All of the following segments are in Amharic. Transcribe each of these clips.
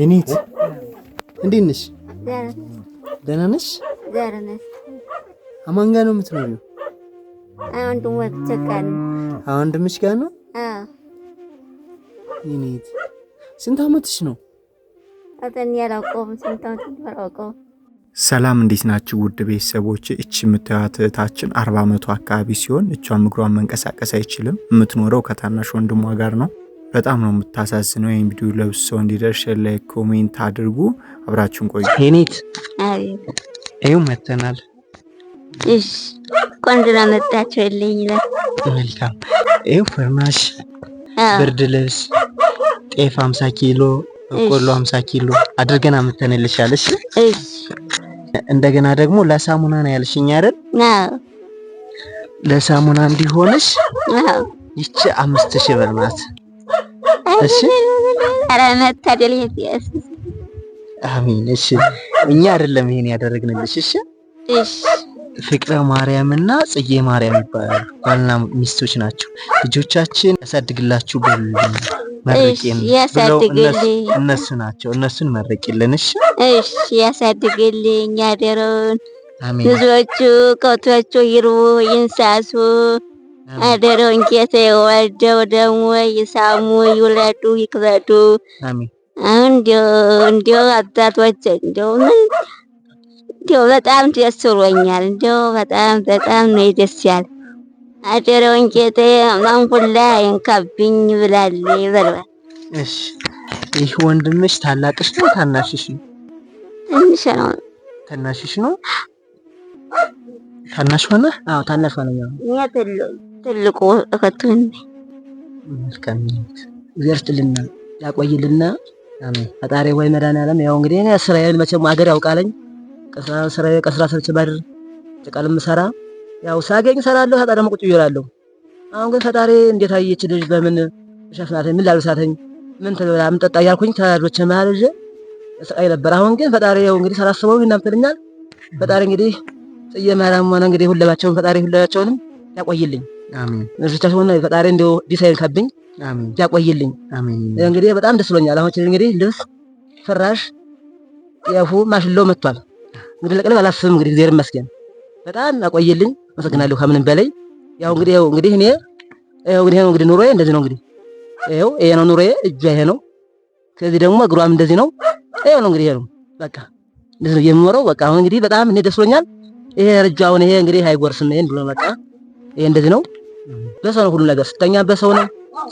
የኔት እንዴት ነሽ? ደህና ነሽ? አማን ጋር ነው የምትኖሪው? ወንድምሽ ጋር ነው። የኔት ስንት አመትሽ ነው? ሰላም እንዴት ናችሁ? ውድ ቤተሰቦች፣ እች የምታዩት እህታችን አርባ አመቷ አካባቢ ሲሆን እቿም እግሯን መንቀሳቀስ አይችልም። የምትኖረው ከታናሽ ወንድሟ ጋር ነው። በጣም ነው የምታሳዝነው። ይህን ቪዲዮ ለብዙ ሰው እንዲደርስ ላይ ኮሜንት አድርጉ። አብራችሁን ቆዩ። ኔት ይኸው መተናል። ቆንጆና መጣቸው የለኝ ይላል። መልካም ይኸው ፍርናሽ፣ ብርድ ልብስ፣ ጤፍ 50 ኪሎ፣ ቆሎ 50 ኪሎ አድርገን አምተንልሻለሽ። እንደገና ደግሞ ለሳሙና ነው ያልሽኝ አይደል? ለሳሙና እንዲሆነሽ ይቺ አምስት ሺህ ብር ናት። እሺ። ኧረ መታደል አሜን። እሺ፣ እኛ አይደለም ይሄን ያደረግንልሽ። እሺ፣ እሺ። ፍቅረ ማርያም እና ጽጌ ማርያም ይባላሉ። ባልና ሚስቶች ናቸው። ልጆቻችን ያሳድግላችሁ በል መርቂን ብለው እነሱ ናቸው። እነሱን መርቂልን። እሺ፣ እሺ። ያሳድግልኝ ያደረውን ልጆቹ ከብቶቹ ይርቡ ይንሳሱ አደረውን ጌታ ወልደው ደግሞ ይሳሙ፣ ይውለዱ፣ ይክበዱ። አሁን እንዲው አባቶች እንዲው እንዲው በጣም ደስ ብሎኛል። እንዲው በጣም በጣም ነው ደስ ያለ። አደረውን ጌታ ማንኩላ ይንካብኝ ብላለ ይበልባል። እሺ ይህ ወንድምሽ ታላቅሽ ነው ታናሽሽ ነው? ትንሽ ነው። ታናሽሽ ነው። ታናሽ ሆነ? አዎ ታናሽ ሆነ። እኛ ትልቅ ትልቁ እከቱን መልካም ይርትልና ያቆይልና ፈጣሪ ወይ መድኃኒዓለም ያው እንግዲህ እኔ ስራዬን መቼም ሀገር ያውቃለኝ ከስራ ስራ ከስራ ሰርቼ ባድር ጭቃልም ሰራ ያው ሳገኝ ሰራለሁ ፈጣሪ ደግሞ ቁጭ ይላሉ። አሁን ግን ፈጣሪ እንዴት አየች ልጅ በምን ሸፍናት ምን ላልሳተኝ ምን ተበላ ምን ጠጣ እያልኩኝ ተራዶች መሃል ልጅ ስቃይ ነበር። አሁን ግን ፈጣሪ ያው እንግዲህ ሳላስበው ይናምትልኛል። ፈጣሪ እንግዲህ ጽዬ ማርያም ሆነ እንግዲህ ሁላቸውም ፈጣሪ ሁላቸውንም ያቆይልኝ። ብቻችሁን ፈጣሪ እንዲ ቢሳይንካብኝ ያቆይልኝ። እንግዲህ በጣም ደስ ብሎኛል። አሁን ችል እንግዲህ ልብስ፣ ፍራሽ፣ ጤፉ፣ ማሽላው መጥቷል። እንግዲህ ለቅልብ አላስብም። እንግዲህ እግዚአብሔር ይመስገን በጣም ያቆይልኝ። አመሰግናለሁ ከምንም በላይ ያው እንግዲህ ያው እንግዲህ እኔ ያው እንግዲህ እንግዲህ ኑሮዬ እንደዚህ ነው። እንግዲህ ያው ይሄ ነው ኑሮዬ፣ እጇ ይሄ ነው። ከዚህ ደግሞ እግሯም እንደዚህ ነው። ያው ነው እንግዲህ ነው በቃ እንደዚህ ነው የምኖረው። በቃ አሁን እንግዲህ በጣም እኔ ደስ ብሎኛል። ይሄ ረጃውን ይሄ እንግዲህ አይጎርስም። ይሄን ብሎ በቃ ይሄ እንደዚህ ነው። በሰው ነው ሁሉ ነገር። ስተኛም በሰው ነው፣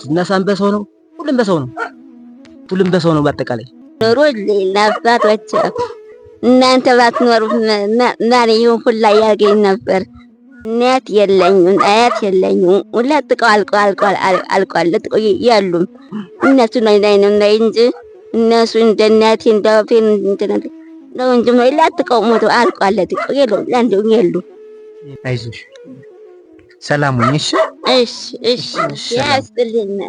ስነሳን በሰው ነው፣ ሁሉም በሰው ነው፣ ሁሉም በሰው ነው። በአጠቃላይ ሩ ለአባቶች እናንተ ባትኖሩ ማን ይሁን ሁላ ያገኝ ነበር። እናት የለኝም፣ አያት የለኝም። ሁለት ቀው አልቆ አልቆ አልቋል። ለጥቆይ ያሉም እነሱ ነው ላይ ነው እንጂ እነሱ እንደ እናቴ እንደ አባቴ እንደ ነው እንጂ ሁለት ቀው ሞቶ አልቋል። ለጥቆይ የሉም፣ ለአንዱ የሉም። አይዞሽ ሰላም ሁኚ። እሺ እሺ እሺ ያስጥልኝ።